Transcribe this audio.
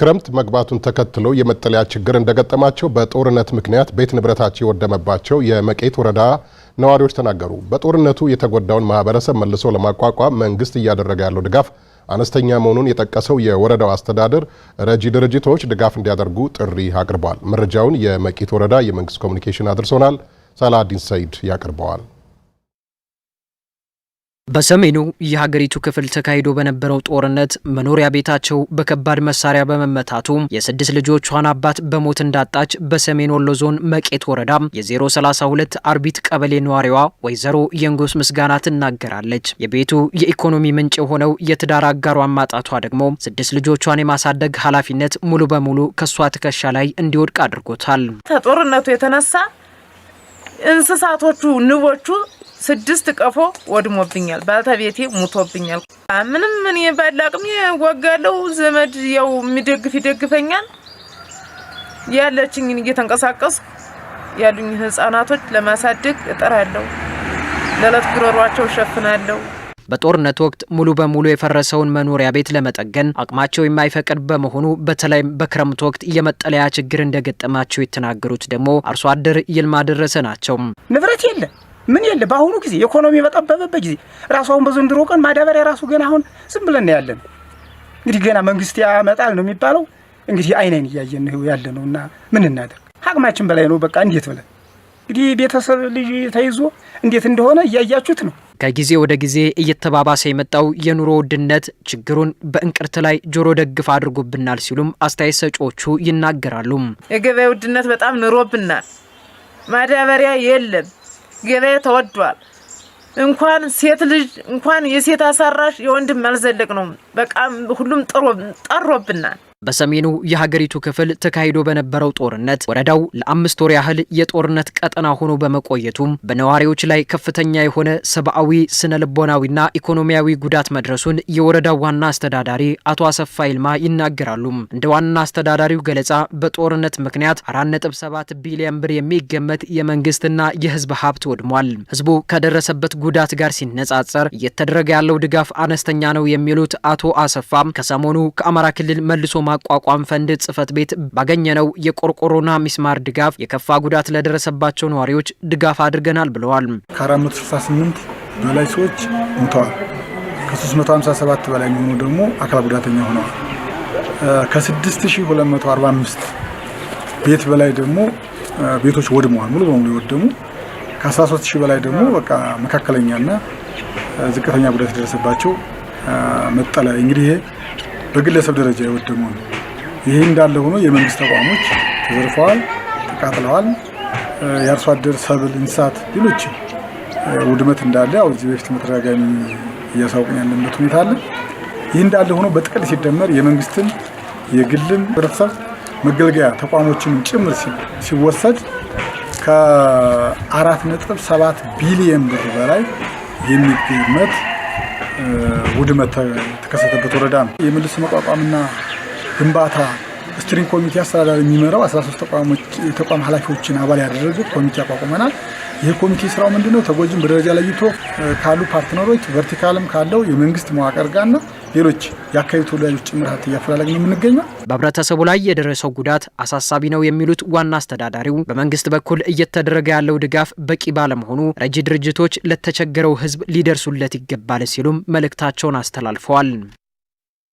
ክረምት መግባቱን ተከትሎ የመጠለያ ችግር እንደገጠማቸው በጦርነት ምክንያት ቤት ንብረታቸው የወደመባቸው የመቄት ወረዳ ነዋሪዎች ተናገሩ። በጦርነቱ የተጎዳውን ማህበረሰብ መልሶ ለማቋቋም መንግስት እያደረገ ያለው ድጋፍ አነስተኛ መሆኑን የጠቀሰው የወረዳው አስተዳደር ረጂ ድርጅቶች ድጋፍ እንዲያደርጉ ጥሪ አቅርበዋል። መረጃውን የመቄት ወረዳ የመንግስት ኮሚኒኬሽን አድርሶናል። ሳላዲን ሰይድ ያቀርበዋል። በሰሜኑ የሀገሪቱ ክፍል ተካሂዶ በነበረው ጦርነት መኖሪያ ቤታቸው በከባድ መሳሪያ በመመታቱ የስድስት ልጆቿን አባት በሞት እንዳጣች በሰሜን ወሎ ዞን መቄት ወረዳ የ032 አርቢት ቀበሌ ነዋሪዋ ወይዘሮ የንጎስ ምስጋና ትናገራለች። የቤቱ የኢኮኖሚ ምንጭ የሆነው የትዳር አጋሯን ማጣቷ ደግሞ ስድስት ልጆቿን የማሳደግ ኃላፊነት ሙሉ በሙሉ ከሷ ትከሻ ላይ እንዲወድቅ አድርጎታል። ከጦርነቱ የተነሳ እንስሳቶቹ ንቦቹ ስድስት ቀፎ ወድሞብኛል። ባልተቤቴ ሙቶብኛል። ምንም ምን ባለ አቅም ወጋለው። ዘመድ ያው የሚደግፍ ይደግፈኛል። ያለችኝን እየተንቀሳቀስኩ ያሉኝ ህጻናቶች ለማሳደግ እጥራለሁ። ለዕለት ጉረሯቸው እሸፍናለሁ። በጦርነት ወቅት ሙሉ በሙሉ የፈረሰውን መኖሪያ ቤት ለመጠገን አቅማቸው የማይፈቅድ በመሆኑ በተለይም በክረምት ወቅት የመጠለያ ችግር እንደገጠማቸው የተናገሩት ደግሞ አርሶ አደር ይልማ ደረሰ ናቸው። ንብረት የለ ምን የለ በአሁኑ ጊዜ ኢኮኖሚ በጠበበበት ጊዜ ራሱ አሁን በዘንድሮ ቀን ማዳበሪያ ራሱ ገና አሁን ዝም ብለን ያለን እንግዲህ ገና መንግስት ያመጣል ነው የሚባለው። እንግዲህ አይነን እያየን ያለ ነው እና ምን እናደርግ አቅማችን በላይ ነው። በቃ እንዴት ብለን እንግዲህ ቤተሰብ ልጅ ተይዞ እንዴት እንደሆነ እያያችሁት ነው። ከጊዜ ወደ ጊዜ እየተባባሰ የመጣው የኑሮ ውድነት ችግሩን በእንቅርት ላይ ጆሮ ደግፍ አድርጎብናል ሲሉም አስተያየት ሰጪዎቹ ይናገራሉ። የገበያ ውድነት በጣም ኑሮብናል። ማዳበሪያ የለም ገበያ ተወዷል። እንኳን ሴት ልጅ እንኳን የሴት አሳራሽ የወንድም አልዘለቅ ነው። በቃ ሁሉም ጠሮብናል። በሰሜኑ የሀገሪቱ ክፍል ተካሂዶ በነበረው ጦርነት ወረዳው ለአምስት ወር ያህል የጦርነት ቀጠና ሆኖ በመቆየቱም በነዋሪዎች ላይ ከፍተኛ የሆነ ሰብአዊ፣ ስነ ልቦናዊና ኢኮኖሚያዊ ጉዳት መድረሱን የወረዳው ዋና አስተዳዳሪ አቶ አሰፋ ይልማ ይናገራሉ። እንደ ዋና አስተዳዳሪው ገለጻ በጦርነት ምክንያት 4.7 ቢሊዮን ብር የሚገመት የመንግስትና የህዝብ ሀብት ወድሟል። ህዝቡ ከደረሰበት ጉዳት ጋር ሲነጻጸር እየተደረገ ያለው ድጋፍ አነስተኛ ነው የሚሉት አቶ አሰፋ ከሰሞኑ ከአማራ ክልል መልሶ ማቋቋም ፈንድ ጽህፈት ቤት ባገኘነው የቆርቆሮና ሚስማር ድጋፍ የከፋ ጉዳት ለደረሰባቸው ነዋሪዎች ድጋፍ አድርገናል ብለዋል። ከ468 በላይ ሰዎች ሙተዋል። ከ357 በላይ የሚሆኑ ደግሞ አካል ጉዳተኛ ሆነዋል። ከ6245 ቤት በላይ ደግሞ ቤቶች ወድመዋል። ሙሉ በሙሉ የወደሙ ከ13000 በላይ ደግሞ በቃ መካከለኛና ዝቅተኛ ጉዳት የደረሰባቸው መጠለያ እንግዲህ በግለሰብ ደረጃ የወደሙ ነው። ይህ እንዳለ ሆኖ የመንግስት ተቋሞች ተዘርፈዋል፣ ተቃጥለዋል። የአርሶ አደር ሰብል፣ እንስሳት፣ ሌሎችም ውድመት እንዳለ ያው እዚህ በፊት በተደጋጋሚ እያሳወቅን ያለበት ሁኔታ አለ። ይህ እንዳለ ሆኖ በጥቅል ሲደመር የመንግስትን የግልም ህብረተሰብ መገልገያ ተቋሞችንም ጭምር ሲወሰድ ከአራት ነጥብ ሰባት ቢሊየን ብር በላይ የሚገመት ውድመት ተከሰተበት ወረዳ ነው። የመልሶ መቋቋምና ግንባታ ስትሪንግ ኮሚቴ አስተዳዳሪ የሚመራው 13 ተቋም ኃላፊዎችን አባል ያደረገ ኮሚቴ አቋቁመናል። የኮሚቴ ስራው ነው? ተጎጂም በደረጃ ለይቶ ካሉ ፓርትነሮች ቨርቲካልም ካለው የመንግስት መዋቅር ጋርና ሌሎች የአካባቢ ተወላጆች ጭምርት እያፈላለግን የምንገኘው። በህብረተሰቡ ላይ የደረሰው ጉዳት አሳሳቢ ነው የሚሉት ዋና አስተዳዳሪው በመንግስት በኩል እየተደረገ ያለው ድጋፍ በቂ ባለመሆኑ ረጂ ድርጅቶች ለተቸገረው ህዝብ ሊደርሱለት ይገባል ሲሉም መልእክታቸውን አስተላልፈዋል።